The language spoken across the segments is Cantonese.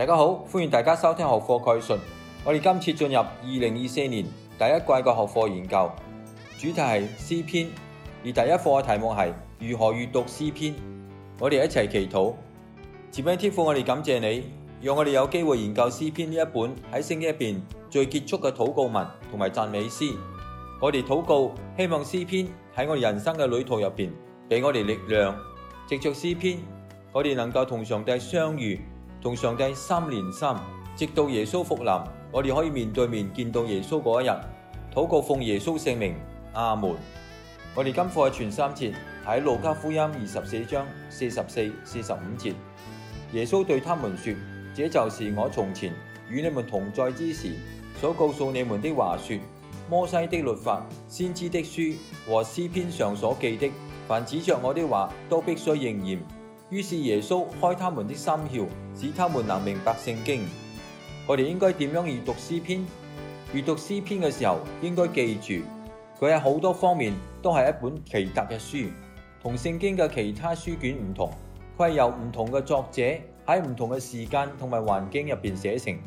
大家好，歡迎大家收聽學課概述。我哋今次進入二零二四年第一季嘅學課研究，主題係詩篇，而第一課嘅題目係如何閱讀詩，詩篇。我哋一齊祈禱，主名天父，我哋感謝你，讓我哋有機會研究詩篇呢一本喺聖經入邊最傑出嘅禱告文同埋讚美詩。我哋禱告，希望詩篇喺我哋人生嘅旅途入邊俾我哋力量，藉着詩篇，我哋能夠同上帝相遇。同上帝心連心，直到耶穌復臨，我哋可以面對面見到耶穌嗰一日，禱告奉耶穌聖名，阿門。我哋今課係全三節喺路加福音二十四章四十四、四十五節。耶穌對他們說：，這就是我從前與你們同在之時所告訴你們的話說，說摩西的律法、先知的書和詩篇上所記的，凡指著我的話都必須應驗。於是耶穌開他們的心竅，使他們能明白聖經。我哋應該點樣閲讀詩篇？閲讀詩篇嘅時候應該記住，佢喺好多方面都係一本奇特嘅書，同聖經嘅其他書卷唔同。佢係由唔同嘅作者喺唔同嘅時間同埋環境入邊寫成。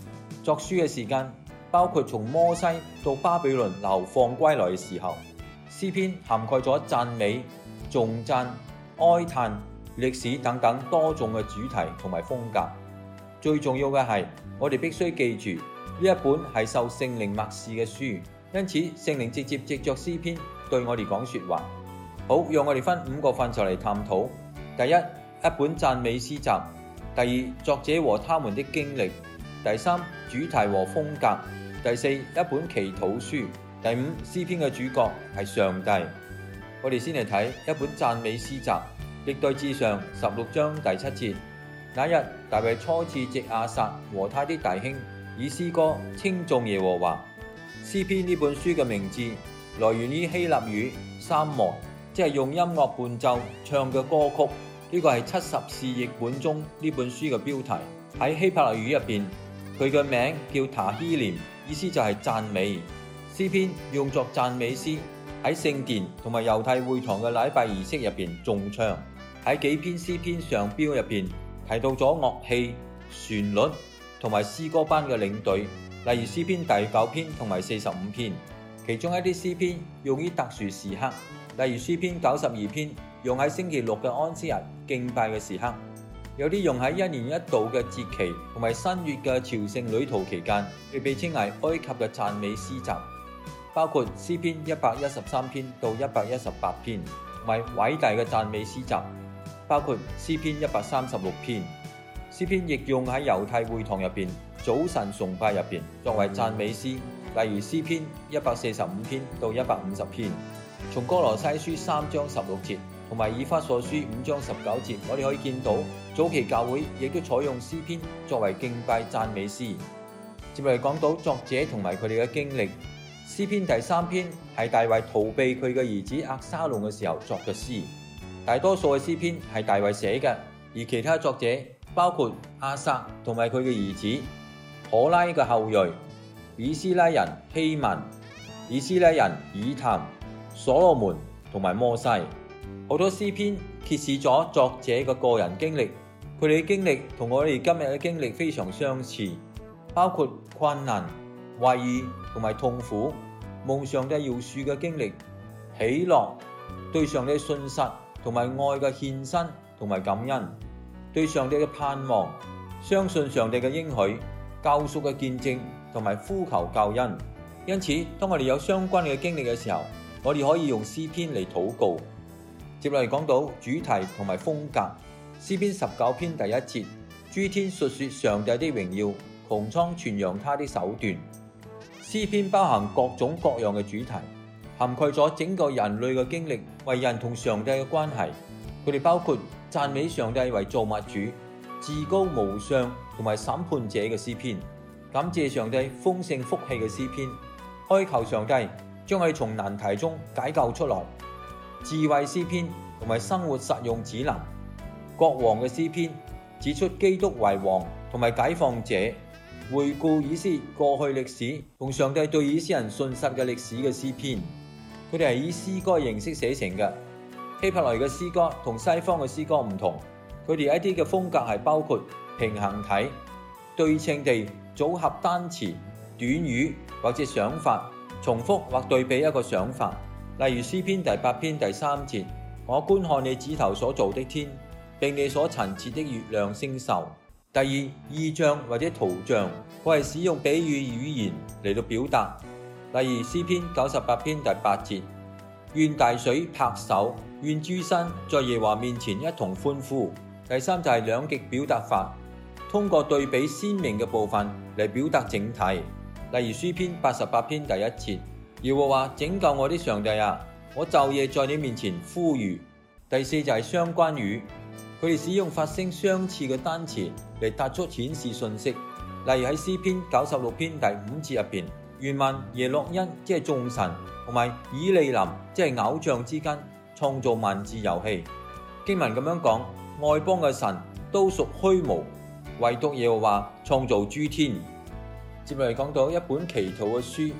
作書嘅時間包括從摩西到巴比倫流放歸來嘅時候。詩篇涵蓋咗讚美、重讚、哀嘆。歷史等等多種嘅主題同埋風格，最重要嘅係我哋必須記住呢一本係受聖靈默示嘅書，因此聖靈直接藉着詩篇對我哋講說話。好，讓我哋分五個範疇嚟探討：第一，一本讚美詩集；第二，作者和他們的經歷；第三，主題和風格；第四，一本祈禱書；第五，詩篇嘅主角係上帝。我哋先嚟睇一本讚美詩集。歷代志上十六章第七節，那日大衛初次藉亞薩和他的弟兄以詩歌稱頌耶和華。詩篇呢本書嘅名字來源於希臘語三忘，即係用音樂伴奏唱嘅歌曲。呢、這個係七十士譯本中呢本書嘅標題。喺希伯來語入邊，佢嘅名叫塔希廉，意思就係讚美。詩篇用作讚美詩喺聖殿同埋猶太會堂嘅禮拜儀式入邊重唱。喺幾篇詩篇上標入邊提到咗樂器、旋律同埋詩歌班嘅領隊，例如詩篇第九篇同埋四十五篇。其中一啲詩篇用於特殊時刻，例如詩篇九十二篇用喺星期六嘅安息日敬拜嘅時刻。有啲用喺一年一度嘅節期同埋新月嘅朝聖旅途期間，被被稱為埃及嘅讚美詩集，包括詩篇一百一十三篇到一百一十八篇，同埋偉大嘅讚美詩集。包括詩篇一百三十六篇，詩篇亦用喺猶太會堂入邊、早晨崇拜入邊作為讚美詩。例如詩篇一百四十五篇到一百五十篇，從歌羅西書三章十六節同埋以弗所書五章十九節，我哋可以見到早期教會亦都採用詩篇作為敬拜讚美詩。接嚟講到作者同埋佢哋嘅經歷，詩篇第三篇係大衛逃避佢嘅兒子押沙龍嘅時候作嘅詩。大多數嘅詩篇係大衛寫嘅，而其他作者包括亞薩同埋佢嘅兒子可拉嘅後裔、以斯拉人希文、以斯拉人以坦、所羅門同埋摩西。好多詩篇揭示咗作者嘅個人經歷，佢哋嘅經歷同我哋今日嘅經歷非常相似，包括困難、懷疑同埋痛苦，蒙上嘅饒恕嘅經歷、喜樂、對上嘅信實。同埋愛嘅獻身，同埋感恩，對上帝嘅盼望，相信上帝嘅應許，救贖嘅見證，同埋呼求救恩。因此，當我哋有相關嘅經歷嘅時候，我哋可以用詩篇嚟禱告。接落嚟講到主題同埋風格，詩篇十九篇第一節：諸天述說上帝的榮耀，穹蒼傳揚他的手段。詩篇包含各種各樣嘅主題。涵蓋咗整個人類嘅經歷，為人同上帝嘅關係，佢哋包括讚美上帝為造物主、至高無上同埋審判者嘅詩篇，感謝上帝豐盛福氣嘅詩篇，哀求上帝將佢從難題中解救出來，智慧詩篇同埋生活實用指南，國王嘅詩篇指出基督為王同埋解放者，回顧以色列過去歷史同上帝對以色列人信實嘅歷史嘅詩篇。佢哋係以詩歌形式寫成嘅希伯來嘅詩歌同西方嘅詩歌唔同，佢哋一啲嘅風格係包括平衡體、對稱地組合單詞、短語或者想法，重複或對比一個想法。例如詩篇第八篇第三節：我觀看你指頭所造的天，並你所陳設的月亮星宿。第二，意象或者圖像，佢係使用比喻語言嚟到表達。第二詩篇九十八篇第八節，願大水拍手，願諸山在耶和華面前一同歡呼。第三就係兩極表達法，通過對比鮮明嘅部分嚟表達整體。例如詩篇八十八篇第一節，耶和華，拯救我的上帝啊，我晝夜在你面前呼籲。第四就係相關語，佢哋使用發聲相似嘅單詞嚟突出顯示信息。例如喺詩篇九十六篇第五節入邊。原文耶洛恩，即係眾神同埋以，以利林即係偶像之間，創造文字遊戲。經文咁樣講，外邦嘅神都屬虛無，唯獨耶和華創造諸天。接落嚟講到一本祈禱嘅書，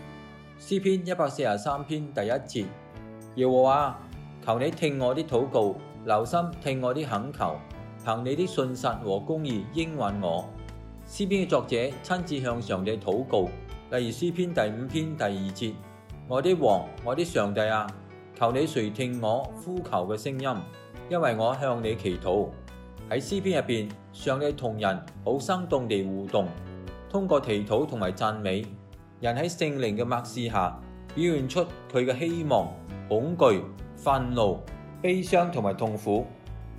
詩篇一百四十三篇第一節，耶和華求你聽我啲禱告，留心聽我啲懇求，憑你啲信實和公義應允我。詩篇嘅作者親自向上帝禱告。第二詩篇第五篇第二節，我的王，我的上帝啊，求你垂聽我呼求嘅聲音，因為我向你祈禱。喺詩篇入邊，上帝同人好生動地互動，通過祈禱同埋讚美，人喺聖靈嘅默示下，表現出佢嘅希望、恐懼、憤怒、悲傷同埋痛苦。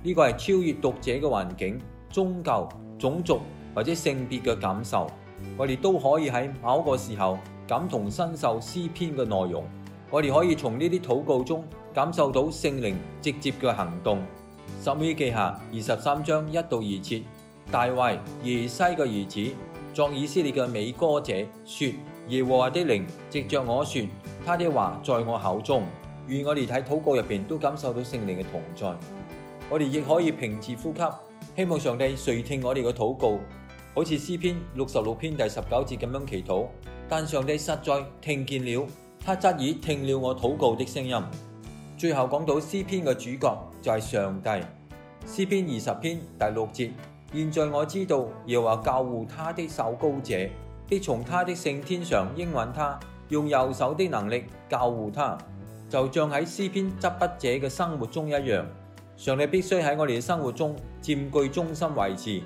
呢、這個係超越讀者嘅環境、宗教、種族或者性別嘅感受。我哋都可以喺某一個時候感同身受詩篇嘅內容，我哋可以從呢啲禱告中感受到聖靈直接嘅行動。十篇記下二十三章一到二節，大衛耶西嘅兒子，作以色列嘅美歌者說：耶和華的靈藉著我說，祂的話在我口中。願我哋喺禱告入邊都感受到聖靈嘅同在。我哋亦可以平治呼吸，希望上帝垂聽我哋嘅禱告。好似詩篇六十六篇第十九節咁樣祈禱，但上帝實在聽見了，他側耳聽了我禱告的聲音。最後講到詩篇嘅主角就係上帝。詩篇二十篇第六節，現在我知道耶和華救護他的受膏者，必從他的聖天上應允他，用右手的能力救護他，就像喺詩篇執筆者嘅生活中一樣。上帝必須喺我哋嘅生活中佔據中心位置。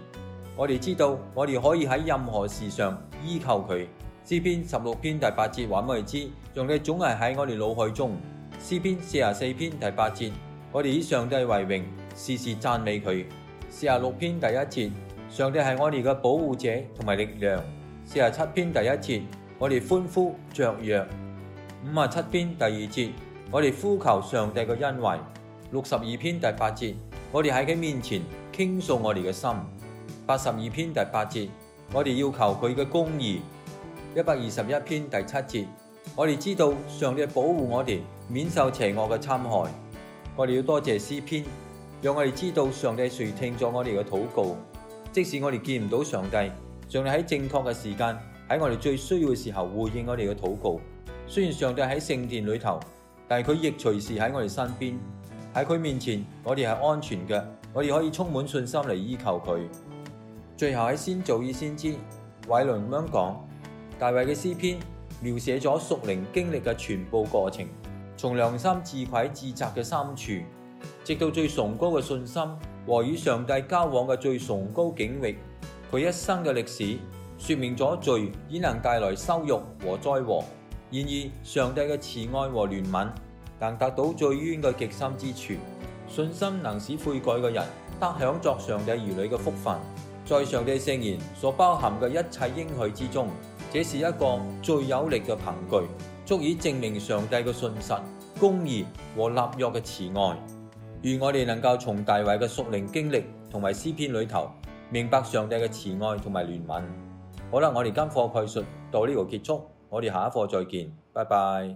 我哋知道，我哋可以喺任何事上依靠佢。詩篇十六篇第八節話俾我哋知，上帝總係喺我哋腦海中。詩篇四十四篇第八節，我哋以上帝為榮，時時讚美佢。四十六篇第一節，上帝係我哋嘅保護者同埋力量。四十七篇第一節，我哋歡呼雀躍。五十七篇第二節，我哋呼求上帝嘅恩惠。六十二篇第八節，我哋喺佢面前傾訴我哋嘅心。八十二篇第八節，我哋要求佢嘅公義。一百二十一篇第七節，我哋知道上帝保護我哋，免受邪惡嘅侵害。我哋要多謝詩篇，讓我哋知道上帝垂聽咗我哋嘅禱告。即使我哋見唔到上帝，上帝喺正確嘅時間喺我哋最需要嘅時候回應我哋嘅禱告。雖然上帝喺聖殿裏頭，但係佢亦隨時喺我哋身邊。喺佢面前，我哋係安全嘅，我哋可以充滿信心嚟依靠佢。最後喺先祖與先知偉倫咁樣講，大衛嘅詩篇描寫咗屬靈經歷嘅全部過程，從良心自愧自責嘅深處，直到最崇高嘅信心和與上帝交往嘅最崇高境域。佢一生嘅歷史，説明咗罪已能帶來羞辱和災禍，然而上帝嘅慈愛和憐憫能達到罪愆嘅極深之處，信心能使悔改嘅人得享作上帝兒女嘅福分。在上帝聖言所包含嘅一切應許之中，這是一個最有力嘅憑據，足以證明上帝嘅信實、公義和立約嘅慈愛。願我哋能夠從大衛嘅屬靈經歷同埋詩篇裏頭，明白上帝嘅慈愛同埋憐憫。好啦，我哋今課概述到呢度結束，我哋下一課再見，拜拜。